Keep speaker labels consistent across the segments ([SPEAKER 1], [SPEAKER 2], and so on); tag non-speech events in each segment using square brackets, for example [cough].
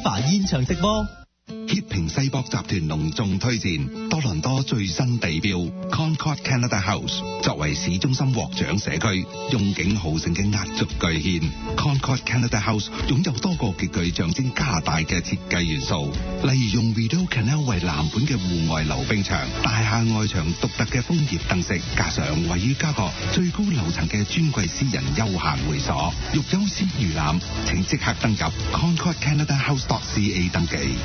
[SPEAKER 1] 現場直播。
[SPEAKER 2] 協平世博集團隆重推薦多倫多最新地標 Concord Canada House，作為市中心獲獎社區，用景好勝嘅壓軸巨獻 Concord Canada House 擁有多個極具象徵加拿大嘅設計元素，例如用 Rideau Canal 為藍本嘅戶外溜冰場、大廈外牆獨特嘅楓葉燈飾，加上位於加國最高樓層嘅尊貴私人休閒會所。欲優先預覽，請即刻登入 Concord Canada House .ca 登記。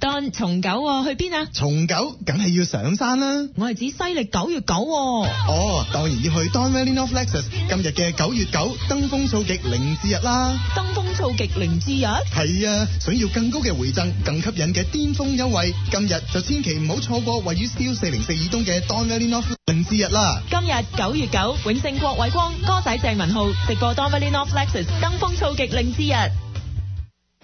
[SPEAKER 3] 鬆鬆當重九去邊啊？
[SPEAKER 2] 重九梗係要上
[SPEAKER 1] 山啦！我係指西曆九月九、啊。哦，當然要去 Don Valley North Lexus。今日嘅九月九登峰造極凌志日啦！登峰造極凌志日？係啊，想要更高嘅回贈，更吸引嘅巔峰優惠，今日就千祈唔好錯過，位於 Steeles 四零四以東嘅 Don Valley North 凌志日啦！
[SPEAKER 3] 今日九月九，永勝郭偉光，哥仔鄭文浩，直播 Don Valley North Lexus 登峰造極凌志日。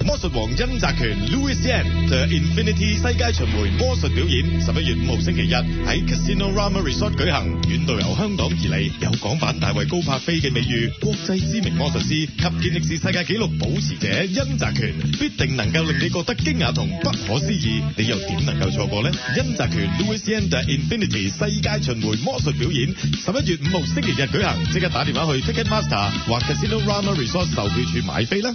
[SPEAKER 3] 魔術王
[SPEAKER 4] 甄澤權 Louisian the Infinity 世界巡迴魔術表演十一月五號星期日喺 Casino Rama Resort 舉行，遠道由香港而嚟，有港版大衛高柏飛嘅美譽，國際知名魔術師及健力士世界紀錄保持者甄澤權，必定能夠令你覺得驚訝同不可思議，你又點能夠錯過呢？甄澤權 Louisian the Infinity 世界巡迴魔術表演十一月五號星期日舉行，即刻打電話去 Ticketmaster 或 Casino Rama Resort 售票處買飛啦！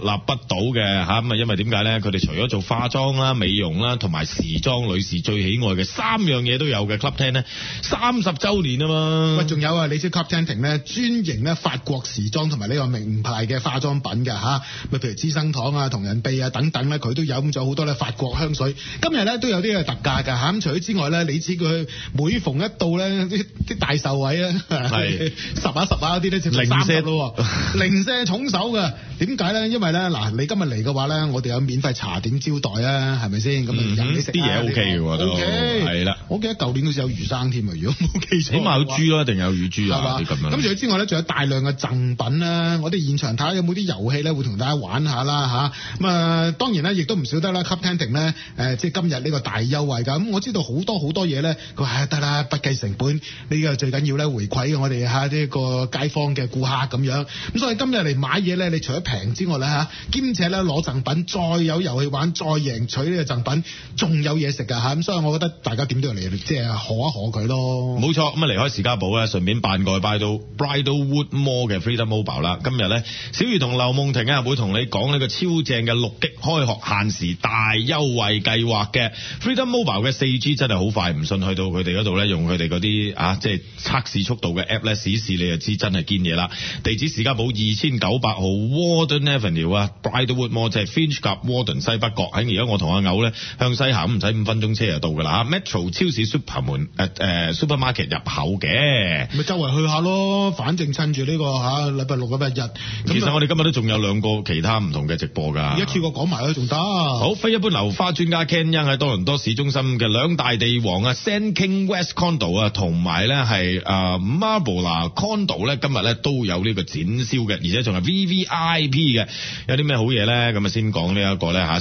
[SPEAKER 4] 立不到嘅吓，咁啊，因為點解咧？佢哋除咗做化妝啦、美容啦、同埋時裝女士最喜愛嘅三樣嘢都有嘅 Club Ten 咧，Ten, 三十週年啊嘛！喂，仲有啊，你知 clubting 咧專營咧法國時裝同埋呢個名牌嘅化妝品嘅吓，咪譬如資生堂啊、同仁堂啊等等咧，佢都有咁咗好多咧法國香水。今日咧都有啲係特價㗎吓，咁除咗之外咧，你知佢每逢一到咧啲啲大受惠啊，十啊十啊啲咧就成三拆零咯，零舍重手㗎。點解咧？因為。係啦，嗱，你今日嚟嘅話咧，我哋有免費茶點招待啊，係咪先？咁啊，飲啲食啊啲嘢 OK 嘅喎都係啦。我記得舊年好似有魚生添啊，如果冇記錯。起碼有豬咯，定有乳豬啊啲咁樣。咁除咗之外咧，仲有大量嘅贈品啦。我哋現場睇下有冇啲遊戲咧，會同大家玩下啦嚇。咁啊，當然啦，亦都唔少得啦，captaining 咧，誒即係今日呢個大優惠㗎。咁我知道好多好多嘢咧，佢話得啦，不計成本，呢個最緊要咧回饋我哋嚇啲個街坊嘅顧客咁樣。咁所以今日嚟買嘢咧，你除咗平之外咧。兼且咧攞贈品，再有遊戲玩，再贏取呢個贈品，仲有嘢食噶嚇，咁所以我覺得大家點都要嚟，即係賀一賀佢咯。冇錯，咁啊離開時家寶咧，順便扮過拜到 Bridlewood Mall 嘅 Freedom Mobile 啦。今日咧，小魚同劉夢婷啊會同你講呢個超正嘅六級開學限時大優惠計劃嘅 Freedom Mobile 嘅 4G 真係好快，唔信去到佢哋嗰度咧，用佢哋嗰啲啊即係測試速度嘅 app 咧，試試你就知真係堅嘢啦。地址，時家寶二千九百號 Warden Avenue Bridewood Mall，即係 Finch 夾 Warden 西北角，喺而家我同阿牛咧向西行，唔使五分鐘車就到噶啦。Metro 超市 Super 門誒、呃、誒、呃、Supermarket 入口嘅，咪周圍去下咯，反正趁住呢、這個嚇禮拜六啊禮拜日。其實我哋今日都仲有兩個其他唔同嘅直播㗎。一次過講埋啦，仲得、啊。好，非一般樓花專家 Kenyon 喺多倫多市中心嘅兩大地王啊 San King West Condo 啊，同埋咧係啊 Marblena Condo 咧，呃、Condo，今日咧都有呢個展銷嘅，而且仲係 VVIP 嘅。有啲咩好嘢咧？咁、這個、啊，先講呢一個咧吓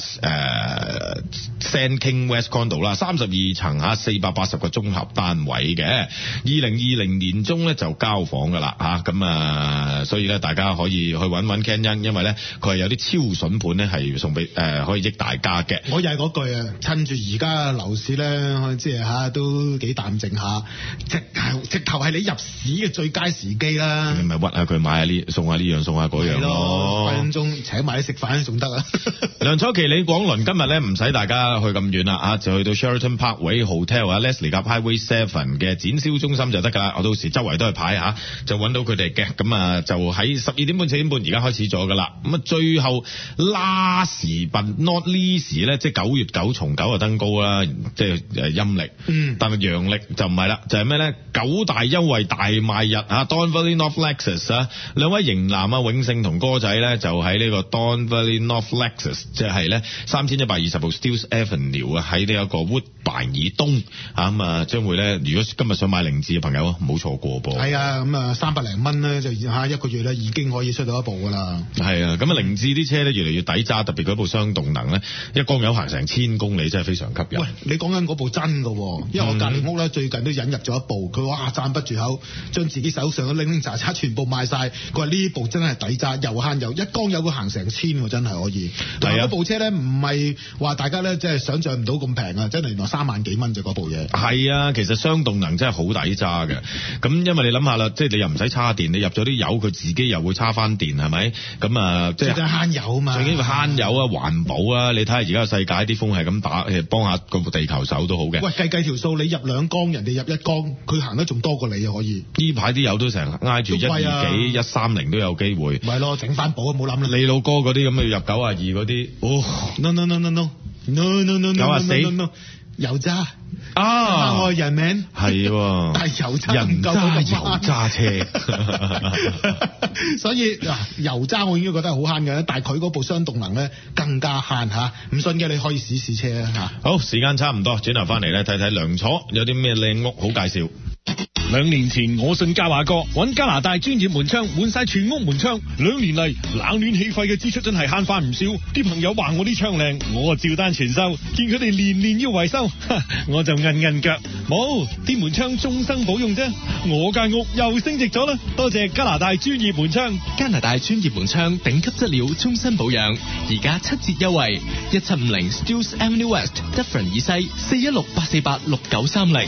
[SPEAKER 4] Sand King West Condo 啦，三十二層吓，四百八十個綜合單位嘅，二零二零年中咧就交房噶啦吓，咁啊，所以咧大家可以去揾揾 Kenyon，因為咧佢係有啲超筍盤咧係送俾誒、啊，可以益大家嘅。我又係嗰句啊，趁住而家樓市咧，即係吓，都幾淡靜下，直頭直頭係你入市嘅最佳時機啦。你咪屈下佢買下呢送下呢樣送下嗰樣咯，分分請埋食飯仲得啊！ [laughs] 梁楚琪、李廣麟今日咧唔使大家去咁遠啦，啊，就去到 Sheraton Parkway Hotel 啊，Leslie 及 Highway Seven 嘅展銷中心就得㗎啦。持人我到時周圍都係排嚇，就揾到佢哋嘅。咁啊，就喺十二點半、四點半而家開始咗㗎啦。咁啊，最後 last but not least 咧，即係九月九重九啊，登高啦，即係陰曆。嗯。持人但係陽曆就唔係啦，就係咩咧？九大優惠大賣日啊，Don't Fall In Of t Lexus 啊！持人 uve, Lex us, 兩位型男啊，永勝同哥仔咧就喺呢、這個。Don Valley North Lexus，即係咧三千一百二十部 Steeles Avenue 啊，喺呢一個 Woodbine 以東啊，咁啊，將會咧，如果今日想買凌志嘅朋友，啊，唔好錯過噃。係啊，咁啊三百零蚊咧，就下一個月咧已經可以出到一部㗎啦。係啊，咁啊凌志啲車咧越嚟越抵揸，特別嗰部雙動能咧，一缸油行成千公里，真係非常吸引。喂，你講緊嗰部真㗎喎，因為我隔離屋咧最近都引入咗一部，佢話讚不絕口，將自己手上嘅零零雜雜全部賣晒。佢話呢部真係抵揸，又慳油，一缸油佢行。成千喎，真係可以。係啊，部車咧，唔係話大家咧，即係想像唔到咁平啊！真係原來三萬幾蚊就嗰部嘢。係啊，其實雙動能真係好抵揸嘅。咁因為你諗下啦，即係你又唔使叉電，你入咗啲油，佢自己又會叉翻電，係咪？咁啊，即係最緊慳油啊嘛。最緊慳油啊，環保啊！你睇下而家世界啲風係咁打，其實幫下個地球手都好嘅。喂，計計條數，你入兩缸，人哋入一缸，佢行得仲多過你啊！可以。呢排啲油都成挨住一二幾一三零都有機會。咪咯，整翻保啊！冇諗啦，你。老哥嗰啲咁啊，要入九啊二嗰啲哦，no no no no no no no no no 九啊四油渣啊！Oh, 我嘅人名係，哦、但係油渣夠人夠咁快。油渣車，所以嗱油渣我已經覺得好慳嘅，但係佢嗰部雙動能咧更加慳吓。唔信嘅你可以試試車啦吓。 [laughs] 好，時間差唔多，轉頭翻嚟咧睇睇梁楚有啲咩靚屋好介紹。兩年前我信嘉華哥，搵加拿大專業門窗換晒全屋門窗。兩年嚟冷暖氣費嘅支出真係慳翻唔少。啲朋友話我啲窗靚，我就照單全收。見佢哋年年要維修，我就硬硬腳，冇啲門窗終生保用啫。我間屋又升值咗啦，多謝加拿大專業門窗。加拿大專業門窗頂級質料，終
[SPEAKER 5] 身
[SPEAKER 1] 保養。而家七折優惠，一七五零 Steeles Avenue West，Dufferin 以西四一六八四八六九三零。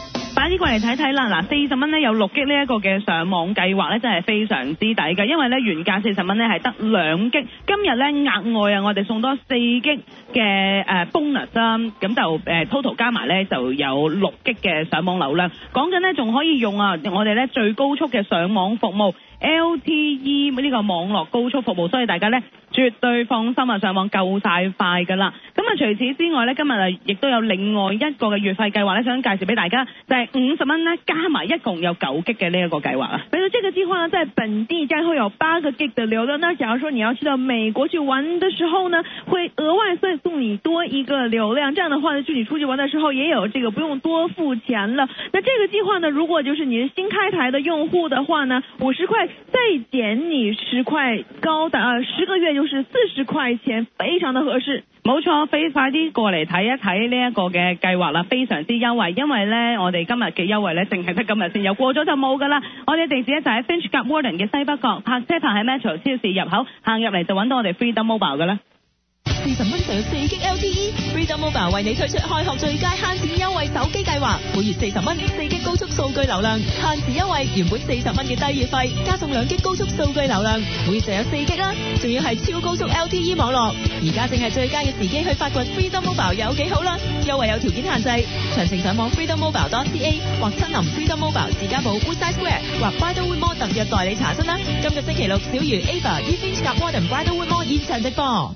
[SPEAKER 6] 擺啲過嚟睇睇啦，嗱四十蚊咧有六激呢一個嘅上網計劃咧，真係非常之抵㗎！因為咧原價四十蚊咧係得兩激，今日咧額外啊我哋送多四激嘅誒 bonus，咁就誒 total 加埋咧就有六激嘅上網流量，講緊咧仲可以用啊我哋咧最高速嘅上網服務 LTE 呢個網絡高速服務，所以大家咧。絕對放心啊，上網夠曬快㗎喇！咁啊除此之外呢，今日啊亦都有另外一個嘅月費計劃呢，想介紹俾大家，就係五十蚊呢加埋一共有九 G 嘅呢一個計劃啊。咁啊，這個計劃呢，在本地將會有八個 G 嘅流量。那假如說你要去到美國去玩的時候呢，會額外再送你多一個流量。這樣的話呢，就你出去玩的時候也有這個不用多付錢了。那這個計劃呢，如果就是你是新開台的用戶的話呢，五十塊再減你十塊，塊高達十、啊、個月就都是四十塊錢，非常的合適，冇錯，飛快啲過嚟睇一睇呢一個嘅計劃啦，非常之優惠，因為呢，我哋今日嘅優惠呢，淨係得今日先有，過咗就冇噶啦。我哋地址呢，就喺 Finch 夾 Warden 嘅西北角，泊車台喺 Metro 超市入口行入嚟就搵到我哋 Freedom Mobile 噶啦。
[SPEAKER 3] 四十蚊就有四 G LTE Freedom Mobile 為你推出開學最佳慳錢優惠手機計劃，每月四十蚊，四 G 高速數據流量，限時優惠，原本四十蚊嘅低月費，加送兩 G 高速數據流量，每月就有四 G 啦，仲要係超高速 LTE 網絡，而家正係最佳嘅時機去發掘 Freedom Mobile 有幾好啦，優惠有條件限制，詳情上網 Freedom Mobile .ca 或親臨 Freedom Mobile 自家寶 Woodside Square 或 By i d o Woodmore 特約代理查詢啦，今個星期六小魚 Ava Evening 夾 Modern b u i d o Woodmore 現場直播。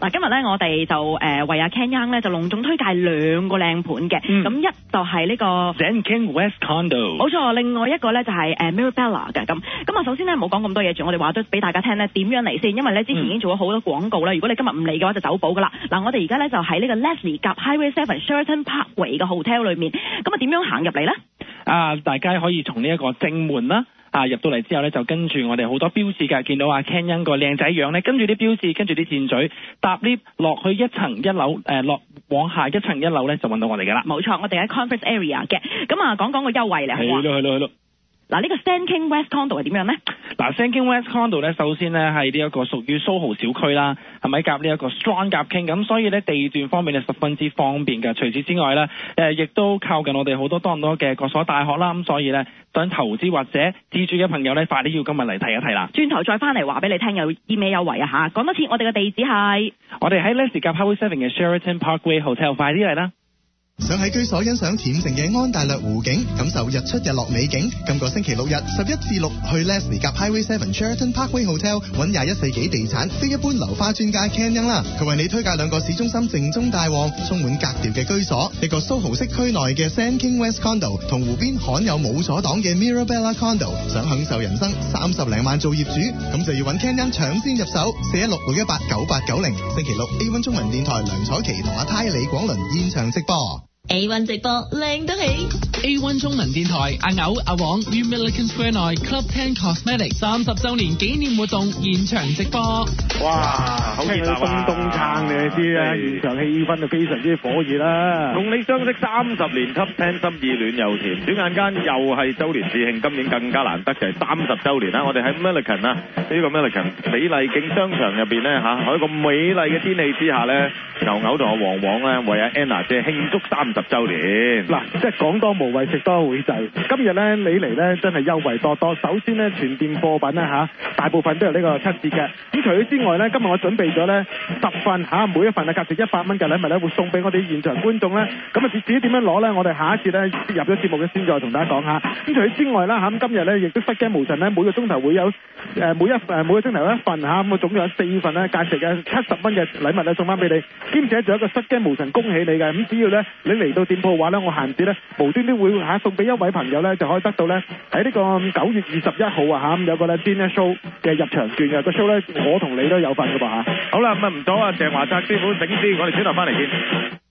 [SPEAKER 7] 嗱，今日咧我哋就誒為阿 Ken Young 咧就隆重推介兩個靚盤嘅，咁、嗯、一就係呢、呢個 Zen King West
[SPEAKER 8] Condo，冇
[SPEAKER 7] 錯，另外一個咧就係 Mirabella 嘅，咁咁啊首先咧冇講咁多嘢住，我哋話咗俾大家聽咧點樣嚟先，因為咧之前已經做咗好多廣告啦，嗯、如果你今日唔嚟嘅話就走寶噶啦。嗱，我哋而家咧就喺呢個 Leslie 夾 Highway Seven Sheraton Parkway 嘅 hotel 裏面，咁啊點樣行入嚟咧？
[SPEAKER 8] 啊，大家可以從呢一個正門啦。啊！入到嚟之後咧，就跟住我哋好多標誌㗎。見到阿 Kenin 個靚仔樣咧，跟住啲標誌，跟住啲箭嘴，搭 lift 落去一層一樓，
[SPEAKER 7] 落、呃、往下一層一樓咧，就搵到我哋㗎喇。冇錯，我哋喺 Conference Area 嘅，咁啊，講講個優惠啦。係咯，係咯，係咯。嗱呢個 Staten King West Condo 係點樣呢？嗱 Staten King West Condo 咧，
[SPEAKER 8] 首先咧係呢一個屬於 Soho 小區啦，係咪夾呢一個 Strachan 夾 King，咁所以咧地段方面咧十分之方便嘅。除此之外咧，誒亦都靠近我哋好多多唔多嘅各所大學啦，咁所以咧想投資或者自住嘅朋友咧，快啲要今日嚟睇一睇啦。
[SPEAKER 7] 轉頭再翻嚟話俾你聽，有啲咩優惠啊嚇？講多次，我哋嘅地址係我哋喺 Leslie 夾 Highway 7嘅 Sheraton Parkway Hotel，快啲嚟啦！
[SPEAKER 1] 想喺居所欣賞恬靜嘅安大略湖景，感受日出日落美景，今個星期六日十一至六去 Leslie 及 Highway Seven Charlton Parkway Hotel 揾廿一世紀地產非一般樓花專家 Cannon 啦，佢為你推介兩個市中心靜中帶旺、充滿格調嘅居所，一個蘇、SO、豪式區內嘅 Sand King West Condo 同湖邊罕有冇鎖檔嘅 Mirabella Condo。想享受人生三十零萬做業主，咁就要揾 Cannon 搶先入手四一六六一八九八九零。90，星期六 A One 中文電台梁彩琪同阿太李廣倫現場直播。
[SPEAKER 3] A One 直播靚得起，A One 中文
[SPEAKER 5] 電台阿牛阿黃於 Milliken Square 內 Club Ten Cosmetics 三十周年紀念活
[SPEAKER 4] 動現場直播，哇，好熱鬧啊！聽佢東東撐你知啦，現場氣氛就非常之火熱啦。同你相識三十年，Club Ten 心意暖又甜，轉眼間又係周年致慶，今年更加難得嘅係三十周年啦。我哋喺 Milliken 啊，呢個 Milliken 美麗景商場入邊咧，吓喺個美麗嘅天氣之下咧。牛牛同我旺旺咧，為阿 Anna 姐慶祝三十周年嗱，即係講多無謂，食多會滯。今日咧，你嚟咧，真係優惠多多。首先咧，全店貨品咧吓，大部分都係呢個七折嘅。咁除咗之外咧，今日我準備咗咧，十份吓，每一份啊，價值一百蚊嘅禮物咧，會送俾我哋現場觀眾咧。咁啊至至於點樣攞咧？我哋下一次咧，入咗節目嘅先再同大家講吓。咁除咗之外啦吓，咁今日咧，亦都失驚無神咧，每個鐘頭會有誒每一誒每個鐘頭一份吓，咁啊總共有四份咧，價值嘅七十蚊嘅禮物啊送翻俾你。兼且仲有一個失驚無神，恭喜你嘅咁，只要咧你嚟到店鋪嘅話咧，我限時咧無端端會嚇送俾一位朋友咧，就可以得到咧喺呢個九月二十一號啊嚇，有個咧 dinner show 嘅入場券嘅個 show 咧，我同你都有份嘅噃嚇。好啦，咁啊唔阻啊，鄭華澤師傅，頂先我哋轉頭翻嚟
[SPEAKER 6] 先。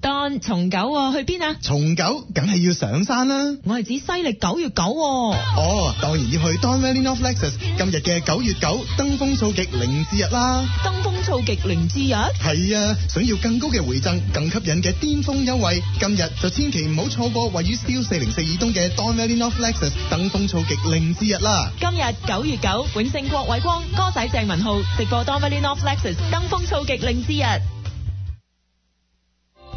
[SPEAKER 3] 當重九、哦、啊，去邊啊？
[SPEAKER 1] 重九梗係要上山啦！我係指西曆九月九。哦，當然要去 Don Valley North Lexus 今日嘅九月九登峰造極凌志日啦！登峰造極凌志日？係啊，想要更高嘅回贈，更吸引嘅巔峰優惠，今日就千祈唔好錯過，位於 St. 404以東嘅 Don Valley North Lexus 登峰造極凌志日啦！
[SPEAKER 3] 今日九月九，永勝郭偉光，哥仔鄭文浩，直播 Don Valley North Lexus 登峰造極凌志日。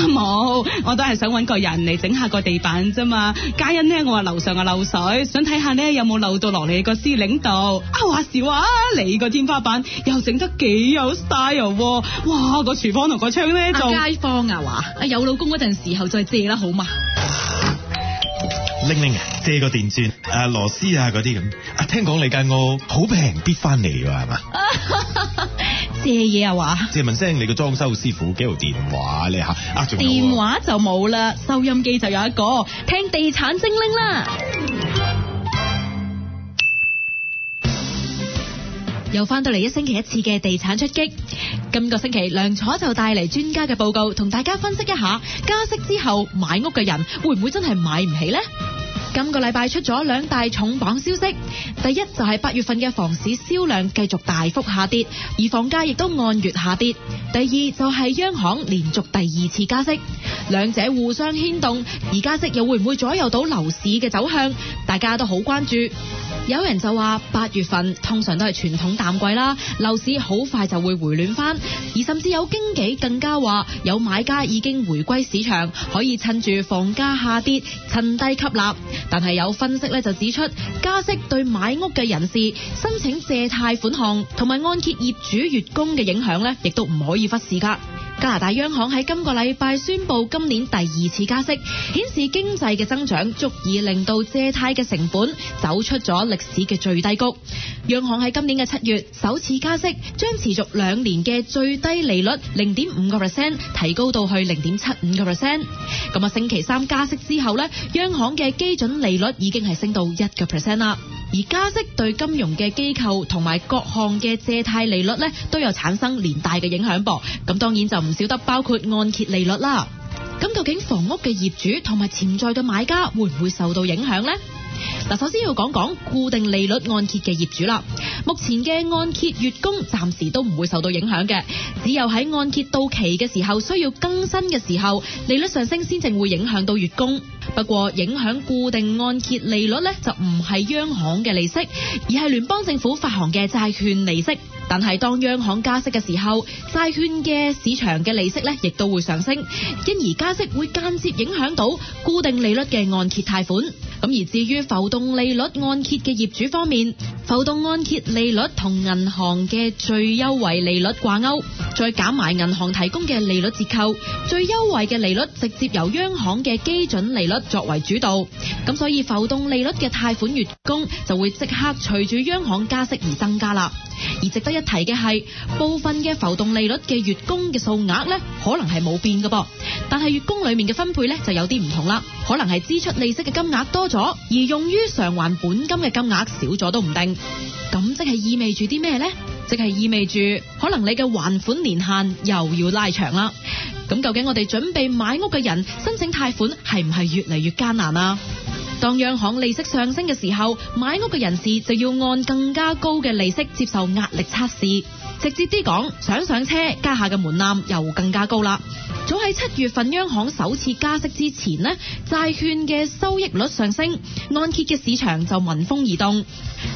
[SPEAKER 9] 冇、啊，我都係想搵個人嚟整下個地板啫嘛。皆因咧，我話樓上啊漏水，想睇下咧有冇漏到落嚟個師領度。啊話時話，你個天花板又整得幾有 style，哇個廚房同個窗咧
[SPEAKER 7] 就、啊。街坊啊話、啊，有老公嗰陣時候再借啦，好嘛。
[SPEAKER 4] 拎拎、啊、借個電鑽，誒、啊、螺絲啊嗰啲咁，聽講你間屋好平，必翻嚟嘅係嘛？
[SPEAKER 10] [laughs] 借嘢又話
[SPEAKER 4] 借問聲你個裝修師傅幾號電話咧吓？你啊、電
[SPEAKER 10] 話就冇啦，收音機就有一個，聽地產精靈啦。又翻到嚟一星期一次嘅地產出擊，今個星期梁楚就帶嚟專家嘅報告，同大家分析一下加息之後買屋嘅人會唔會真係買唔起咧？今個禮拜出咗兩大重磅消息，第一就係八月份嘅房市銷量繼續大幅下跌，而房價亦都按月下跌。第二就係央行連續第二次加息，兩者互相牽動，而加息又會唔會左右到樓市嘅走向？大家都好關注。有人就話八月份通常都係傳統淡季啦，樓市好快就會回暖返。而甚至有經紀更加話，有買家已經回歸市場，可以趁住房價下跌，趁低吸納。但係有分析咧，就指出加息對買屋嘅人士申請借貸款項同埋按揭業主月供嘅影響咧，亦都唔可以忽視噶。加拿大央行喺今個禮拜宣佈今年第二次加息，顯示經濟嘅增長足以令到借貸嘅成本走出咗歷史嘅最低谷。央行喺今年嘅七月首次加息，將持續兩年嘅最低利率零點五個 percent 提高到去零點七五個 percent。咁啊，星期三加息之後呢，央行嘅基準利率已經係升到一個 percent 啦。而加息對金融嘅機構同埋各項嘅借貸利率咧，都有產生連帶嘅影響噃。咁當然就唔少得包括按揭利率啦。咁究竟房屋嘅業主同埋潛在嘅買家會唔會受到影響呢？嗱，首先要講講固定利率按揭嘅業主啦。目前嘅按揭月供暫時都唔會受到影響嘅，只有喺按揭到期嘅時候需要更新嘅時候，利率上升先至會影響到月供。不過影響固定按揭利率呢，就唔係央行嘅利息，而係聯邦政府發行嘅債券利息。但係當央行加息嘅時候，債券嘅市場嘅利息呢，亦都會上升，因而加息會間接影響到固定利率嘅按揭貸款。咁而至於浮動利率按揭嘅業主方面，浮動按揭利率同銀行嘅最優惠利率掛鈎，再減埋銀行提供嘅利率折扣，最優惠嘅利率直接由央行嘅基準利率作為主導。咁所以浮動利率嘅貸款月供就會即刻隨住央行加息而增加啦。而值得一提嘅係，部分嘅浮動利率嘅月供嘅數額呢，可能係冇變㗎噃，但係月供裏面嘅分配呢，就有啲唔同啦，可能係支出利息嘅金額多咗，而用於償還本金嘅金額少咗都唔定，咁即係意味住啲咩咧？即係意味住可能你嘅還款年限又要拉長啦。咁究竟我哋準備買屋嘅人申請貸款係唔係越嚟越艱難啊？當央行利息上升嘅時候，買屋嘅人士就要按更加高嘅利息接受壓力測試。直接啲講，想上車，家下嘅門檻又更加高啦。早喺七月份央行首次加息之前呢，債券嘅收益率上升，按揭嘅市場就聞風而動。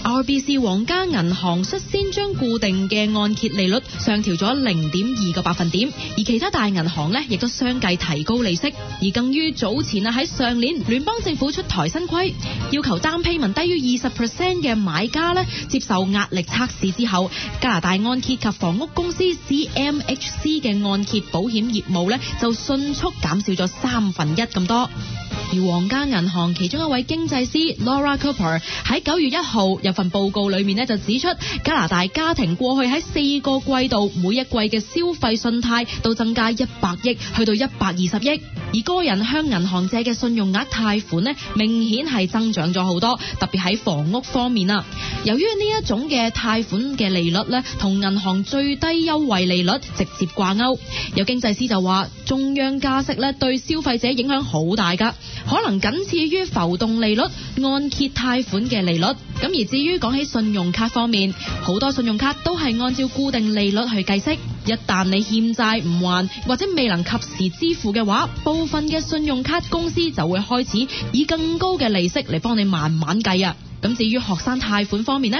[SPEAKER 10] RBC 皇家銀行率先將固定嘅按揭利率上調咗零點二個百分點，而其他大銀行呢亦都相繼提高利息。而更於早前啊喺上年，聯邦政府出台新規，要求 downpayment 低於二十 percent 嘅買家呢接受壓力測試之後，加拿大按揭及房屋公司 C M H C 嘅按揭保險業務呢就迅速減少咗三分一咁多。而皇家銀行其中一位經濟師 Laura Cooper 喺九月一號有份報告裏面咧，就指出加拿大家庭過去喺四個季度每一季嘅消費信貸都增加一百億，去到一百二十億。而個人向銀行借嘅信用額貸款咧，明顯係增長咗好多，特別喺房屋方面啦。由於呢一種嘅貸款嘅利率咧，同銀行最低優惠利率直接掛鈎。有經濟師就話，中央加息咧對消費者影響好大噶，可能僅次於浮動利率按揭貸款嘅利率。咁而至於講起信用卡方面，好多信用卡都係按照固定利率去計息，一旦你欠債唔還或者未能及時支付嘅話，部分嘅信用卡公司就會開始以更高嘅利息嚟幫你慢慢計啊。咁至於學生貸款方面呢？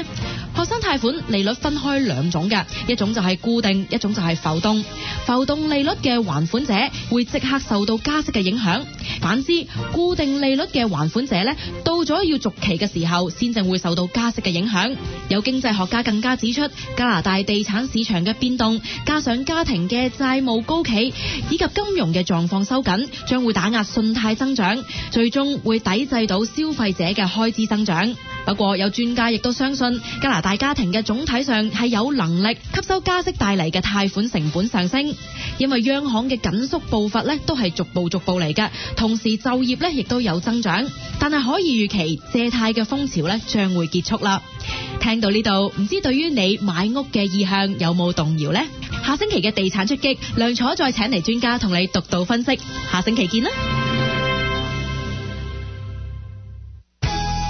[SPEAKER 10] 學生貸款利率分開兩種嘅，一種就係固定，一種就係浮動。浮動利率嘅還款者會即刻受到加息嘅影響，反之固定利率嘅還款者咧，到咗要續期嘅時候先至會受到加息嘅影響。有經濟學家更加指出，加拿大地產市場嘅變動，加上家庭嘅債務高企以及金融嘅狀況收緊，將會打壓信貸增長，最終會抵制到消費者嘅開支增長。不過有專家亦都相信加拿大家庭嘅總體上係有能力吸收加息帶嚟嘅貸款成本上升，因為央行嘅緊縮步伐咧都係逐步逐步嚟噶，同時就業咧亦都有增長，但係可以預期借貸嘅風潮咧將會結束啦。聽到呢度，唔知對於你買屋嘅意向有冇動搖呢？下星期嘅地產出擊，梁楚再請嚟專家同你獨到分析，
[SPEAKER 1] 下星期見啦。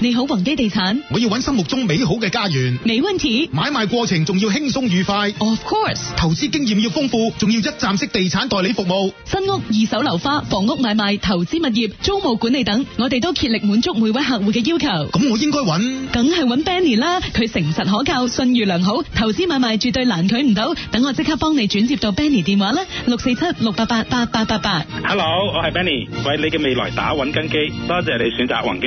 [SPEAKER 1] 你好，宏基地產，我要揾心目中美好嘅家園。沒
[SPEAKER 4] 問題，買賣過程仲要輕鬆愉快。Of course，投資經驗要豐富，仲要一站式地產代理服務。
[SPEAKER 9] 新屋、二手樓花、房屋買賣、投資物業、租務管理等，我哋都竭力滿足每位客戶嘅要求。咁我應該揾？梗係揾 Benny 啦，佢誠實可靠，信譽良好，投資買賣絕對難佢唔到。等我即刻幫你轉接到 Benny 電話啦，六四七六八八八八八八。
[SPEAKER 4] Hello，我係 Benny，為你嘅未來打穩根基，多謝你選擇宏基。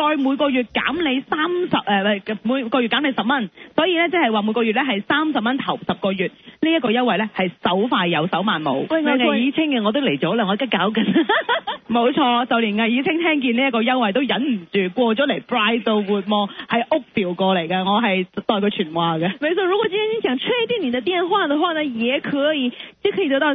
[SPEAKER 6] 再每個月減你三十誒，每個月減你十蚊，所以咧即係話每個月咧係三十蚊頭十個月呢一、這個優惠咧係手快有手慢冇。喂，以清嘅以以我都嚟咗啦，我而家搞緊。冇 [laughs] 錯，就連魏以清聽見呢一個優惠都忍唔住過咗嚟，bride 到活忙，係屋調過嚟嘅，我係代佢傳話嘅。冇錯，如果今天你想吹啲你嘅電話嘅話呢，也可以即係可以得到。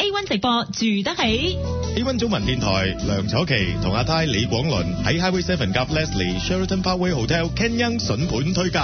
[SPEAKER 3] A One 直播住得起
[SPEAKER 4] ，A One 中文電台梁楚琪同阿泰李廣倫喺 Highway Seven 夾 Leslie Sheraton Parkway Hotel Ken Young 筍盤推介。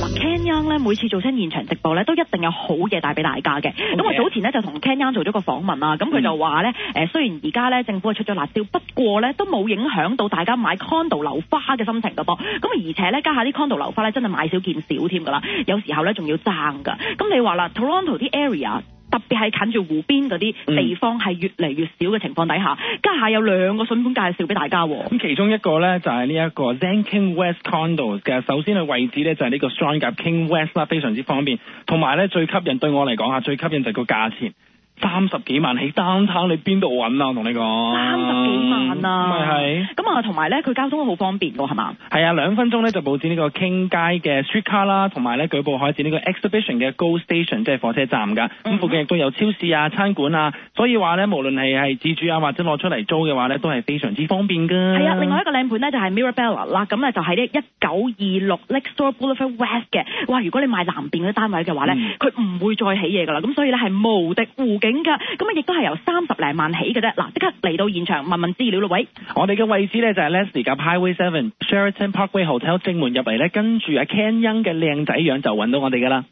[SPEAKER 7] 嗱，Ken Young 咧每次做親現場直播咧，都一定有好嘢帶俾大家嘅。咁我早前咧就同 Ken Young 做咗個訪問啦，咁佢就話咧，誒、嗯，雖然而家咧政府係出咗辣招，不過咧都冇影響到大家買 condo 樓花嘅心情多，多。咁而且咧家下啲 condo 樓花咧真係買少見少添噶啦，有時候咧仲要爭噶。咁你話啦，Toronto 啲 area。特別係近住湖邊嗰啲地方係越嚟越少嘅情況底下，家下、嗯、有兩個筍盤介紹俾大家。咁
[SPEAKER 8] 其中一個呢，就係呢一個 Zenking West Condos 嘅，首先嘅位置呢，就係呢個雙甲 King West 啦，非常之方便。同埋呢，最吸引對我嚟講嚇，最吸引就係個價錢。三十幾萬起單餐，你邊度揾啊？我同你
[SPEAKER 7] 講，三十幾萬啊，咪係咁啊？同埋咧，佢交通都好方便㗎，係嘛？
[SPEAKER 8] 係啊，兩分鐘咧就佈置個 King car，呢個 King 街嘅 Streetcar 啦，同埋咧舉步開展呢個 Exhibition 嘅 Go Station，即係火車站㗎。咁、嗯、哼附近亦都有超市啊、餐館啊，所以話咧，無論係自住啊，或者攞出嚟租嘅話咧，都係非常之方便㗎。係啊，另外一
[SPEAKER 7] 個靚盤咧就係 Mirabella 啦，咁咧就係呢一九二六 Lake Shore Boulevard West 嘅。哇，如果你買南邊嘅啲單位嘅話咧，佢唔、嗯、會再起嘢㗎啦。咁所以咧係無敵景噶，咁啊亦都係由三十零萬起嘅啫。嗱，即刻嚟到現場問問資料啦，位我哋嘅位置咧就係 Leslie 嘅 Highway Seven Sheraton Parkway Hotel 正門
[SPEAKER 8] 入嚟咧，跟住阿 Ken Young 嘅靚仔樣就搵到我哋噶啦。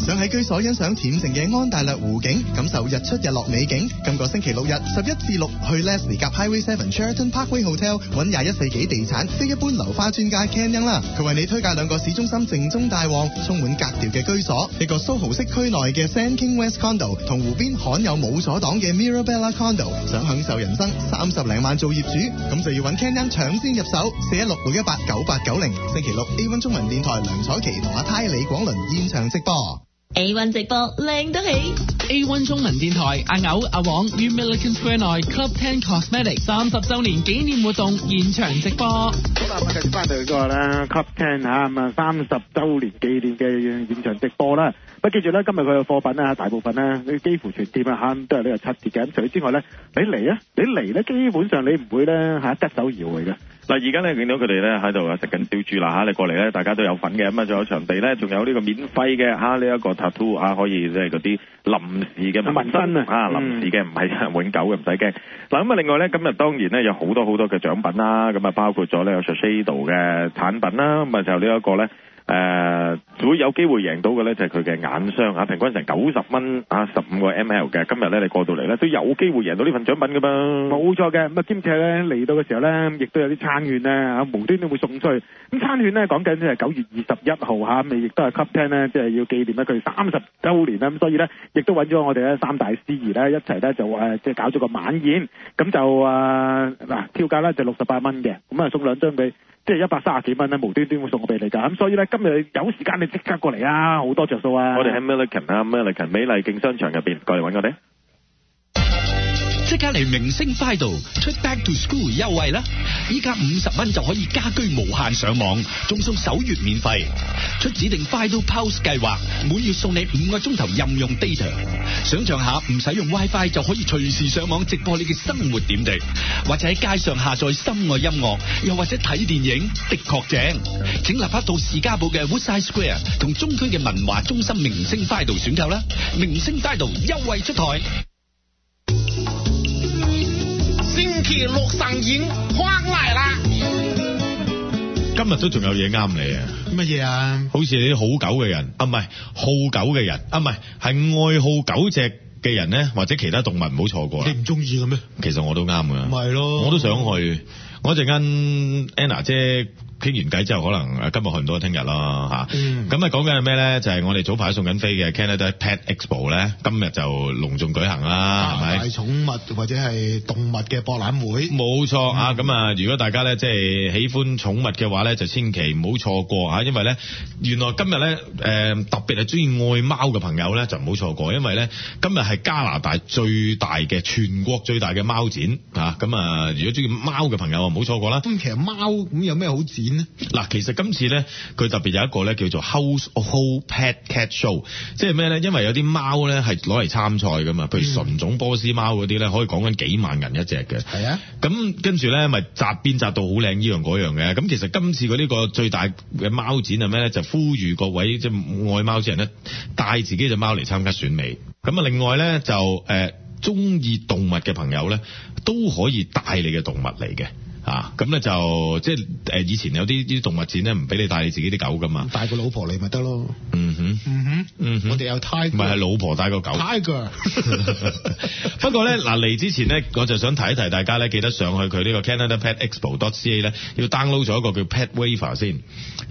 [SPEAKER 1] 想喺居所欣賞恬靜嘅安大略湖景，感受日出日落美景，今個星期六日十一至六去 Leslie 甲 Highway Seven Charlton Parkway Hotel 揾廿一世紀地產非一般流花專家 Cannon 啦，佢為你推介兩個市中心正宗大旺、充滿格調嘅居所，一個蘇、SO、豪式區內嘅 Sand King West Condo 同湖邊罕有冇所檔嘅 Mirabella Condo，想享受人生三十零萬做業主，咁就要揾 Cannon 搶先入手四一六六一八九八九零。90, 星期六 A One 中文電台梁彩琪同阿太李廣倫現場直播。
[SPEAKER 3] A One
[SPEAKER 5] 直播靚得起，A One 中文電台阿牛阿黃，U Millican Square 內 Club Ten Cosmetics 三十周年紀念活動現場直播。好
[SPEAKER 4] 啦，我哋翻到呢個咧 Club Ten 吓咁啊，三十周年紀念嘅現場直播啦。不過記住咧，今日佢嘅貨品咧大部分咧，你幾乎全店啊吓都係呢個七折嘅。除咗之外咧，你嚟啊，你嚟咧，基本上你唔會咧吓得手而回嘅。嗱，而家咧見到佢哋咧喺度食緊吊豬啦嚇，你過嚟咧，大家都有份嘅，咁啊，仲有場地咧，仲有呢個免費嘅嚇呢一個 tattoo 嚇、啊，可以即係嗰啲臨時嘅紋身啊，嚇、嗯啊、臨時嘅，唔係永久嘅，唔使驚。嗱咁啊，另外咧，今日當然咧有好多好多嘅獎品啦，咁啊包括咗呢個 Shiseido 嘅產品啦，咁啊就是、呢一個咧。誒會有機會贏到嘅咧，就係佢嘅眼霜啊，平均成九十蚊啊，十五個 ml 嘅。今日咧，你過到嚟咧，都有機會贏到呢份獎品㗎噃。冇錯嘅，咁啊，兼且咧嚟到嘅時候咧，亦都有啲餐券咧嚇，無端端會送出去。咁餐券咧講緊咧係九月二十一號嚇，咪亦都係 culp 廳咧，即係要紀念咧佢三十週年啦。咁所以咧，亦都揾咗我哋咧三大司儀咧一齊咧就誒，即係搞咗個晚宴。咁就啊嗱，票價咧就六十八蚊嘅，咁啊送兩張俾。即係一百卅幾蚊咧，無端端會送我俾你㗎，咁所以咧今日有時間你即刻過嚟啊，好多着數啊！我哋喺 Milliken 啊 Milliken 美麗競商場入邊過嚟搵我哋。即刻嚟明星 Fido
[SPEAKER 5] 出 Back to School 優惠啦！依家五十蚊就可以家居無限上網，仲送首月免費。出指定 FidoPulse 計劃，每月送你五個鐘頭任用 data。想象下，唔使用 WiFi 就可以隨時上網直播你嘅生活點滴，或者喺街上下載心愛音樂，又或者睇電影，的確正。請立刻到士嘉堡嘅 Woodside Square 同中區嘅文華中心明星 Fido 選購啦！明星 Fido 優惠出台。
[SPEAKER 4] 六神演返嚟啦！今日都仲有嘢啱你啊？乜嘢啊？好似啲好狗嘅人啊，唔係好狗嘅人啊，唔係係愛好狗隻嘅人咧，或者其他動物唔好錯過啦！你唔中意嘅咩？其實我都啱嘅，唔係咯，我都想去。我一陣間 Anna 姐。傾完偈之後可能今日去唔到，聽日咯嚇。咁啊、嗯，講緊係咩咧？就係、是、我哋早排送緊飛嘅，Canada Pet Expo 咧，今日就隆重舉行啦，係咪係寵物或者係動物嘅博覽會。冇錯啊！咁錯、嗯、啊，如果大家咧即係喜歡寵物嘅話咧，就千祈唔好錯過嚇，因為咧原來今日咧誒特別係中意愛貓嘅朋友咧就唔好錯過，因為咧今日係加拿大最大嘅全國最大嘅貓展嚇。咁啊，如果中意貓嘅朋友啊唔好錯過啦。咁、嗯、其實貓咁有咩好展？嗱，其實今次咧，佢特別有一個咧叫做 Household Pet Cat Show，即係咩咧？因為有啲貓咧係攞嚟參賽噶嘛，譬如純種波斯貓嗰啲咧，可以講緊幾萬銀一隻嘅。係啊、嗯，咁跟住咧咪雜邊雜到好靚依樣嗰樣嘅。咁其實今次佢呢個最大嘅貓展係咩咧？就呼籲各位即係、就是、愛貓之人咧，帶自己隻貓嚟參加選美。咁啊，另外咧就誒中意動物嘅朋友咧，都可以帶你嘅動物嚟嘅。啊，咁咧就即係誒以前有啲啲動物展咧，唔俾你帶你自己啲狗噶嘛，帶個老婆嚟咪得咯，嗯哼，嗯哼，嗯哼，我哋有 Tiger，唔係係老婆帶個狗，Tiger，不過咧嗱嚟之前咧，我就想提一提大家咧，記得上去佢呢個 Canada Pet Expo .ca 咧，要 download 咗一個叫 Pet Waiver 先，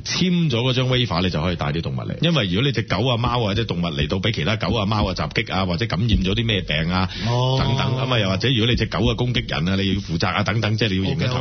[SPEAKER 4] 簽咗嗰張 waiver 你就可以帶啲動物嚟，因為如果你隻狗啊、貓啊或者動物嚟到俾其他狗啊、貓啊襲擊啊，或者感染咗啲咩病啊，oh. 等等，咁啊又或者如果你隻狗啊攻擊人啊，你要負責啊，等等，即係你要認。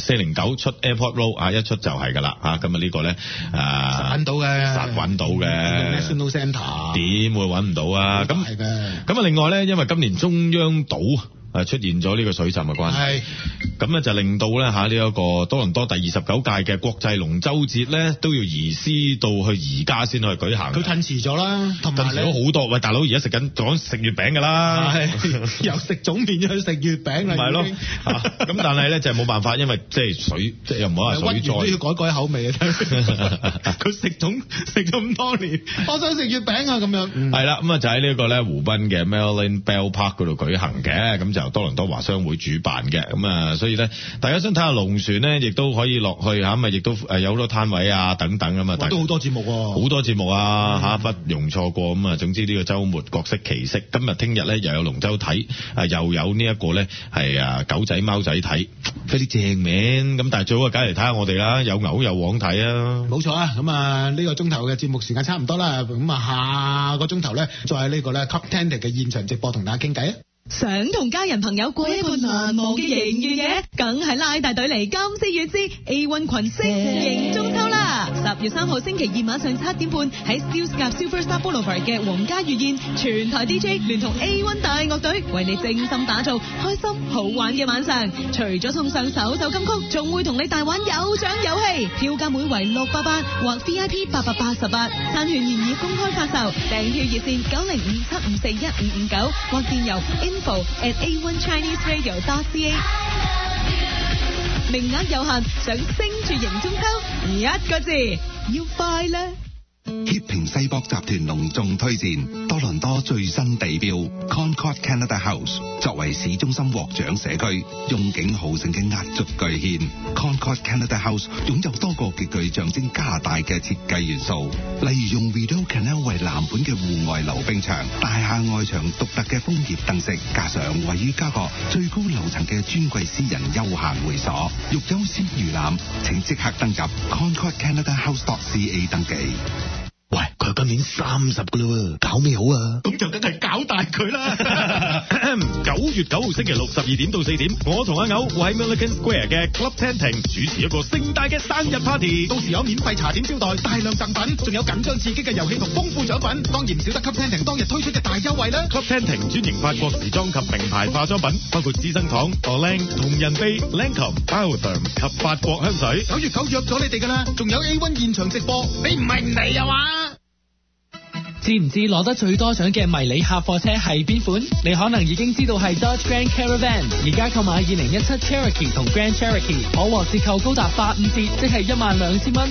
[SPEAKER 4] 四零九出 Airport Road 啊，一出就係噶啦吓，咁啊呢個咧誒，揾到嘅，揾到嘅，點會 d 揾唔到啊？咁係嘅。咁啊另外咧，因為今年中央島。係出現咗呢個水浸嘅關係，咁咧就令到咧嚇呢一個多倫多第二十九屆嘅國際龍舟節咧都要移師到去而家先去舉行。佢
[SPEAKER 1] 褪遲咗啦，褪遲咗
[SPEAKER 4] 好多。喂，大佬而家食緊講食月餅㗎啦，又食粽變咗食月餅啦。唔係咯，咁但係咧就係冇辦法，因為即係水，即係又唔好話水災。屈原都要改改口味啊！佢食粽食咗咁多年，我想食月餅啊！咁樣係啦，咁啊就喺呢個咧湖濱嘅 Marilyn Bell Park 嗰度舉行嘅，咁就。由多倫多華商會主辦嘅，咁啊，所以咧，大家想睇下龍船咧，亦都可以落去嚇，咁啊亦都誒有好多攤位啊等等咁啊，都好多節目，好多節目啊嚇，不容錯過咁啊。總之呢個週末各色其色，今日、聽日咧又有龍舟睇，啊又有呢一個咧係啊狗仔貓仔睇，非常正名。咁但係最好啊，梗係嚟睇下我哋啦，有牛有往睇啊，冇錯啊。咁啊，呢個鐘頭嘅節目時間差唔多啦，咁啊下個鐘頭咧，再喺呢個咧 Captain 嘅現場直播同大家傾偈啊。
[SPEAKER 9] 想同家人朋友過一個難忘嘅迎月夜，梗係 [music] 拉大隊嚟金宵月之奧運群星迎中。十月三號星期二晚上七點半，喺 Steeles Club Silver Star Boulevard 嘅皇家御宴，全台 DJ 聯同 A One 大樂隊為你精心打造開心好玩嘅晚上。除咗送上首首金曲，仲會同你大玩有獎遊戲。票價每位六百八或 V I P 八百八十八，餐券現已公開發售。訂票熱線九零五七五四一五五九，59, 或電郵 info at A One Chinese、er、Radio. C A 名額有限，想升住迎中秋，一個字，要快啦！
[SPEAKER 2] 協平世博集團隆重推薦多倫多最新地標 Concord Canada House，作為市中心獲獎社區，用景豪盛嘅壓軸巨獻 Concord Canada House 擁有多個極具象徵加拿大嘅設計元素，例如用 Rideau Canal 為藍本嘅戶外溜冰場、大廈外牆獨特嘅楓葉燈飾，加上位於加國最高樓層嘅尊貴私人休閒會所。欲優先預覽，請即刻登入 Concord Canada、ah、House.ca 登記。今年三十噶啦，搞咩好啊？咁就梗係
[SPEAKER 4] 搞大佢啦！九月九號星期六十二點到四點，我同阿牛會喺 Milliken Square 嘅 Club Tenting 主持一個盛大嘅生日 party，到時有免費茶點招待，大量贈品，仲有緊張刺激嘅遊戲同豐富獎品，當然唔少得 Club Tenting 當日推出嘅大優惠啦！Club Tenting 專營法國時裝及名牌化妝品，包括資生堂、Orlane、同人鼻、Lancome、Biotherm 及法國香水。九月九約咗你哋噶啦，仲有 A One 現場直播，你唔明嚟啊嘛？
[SPEAKER 5] 知唔知攞得最多獎嘅迷你客貨車係邊款？你可能已經知道係 Dodge Grand Caravan。而家購買2017 Cherokee 同 Grand Cherokee，可獲折扣高達八五折，即係一萬兩千蚊。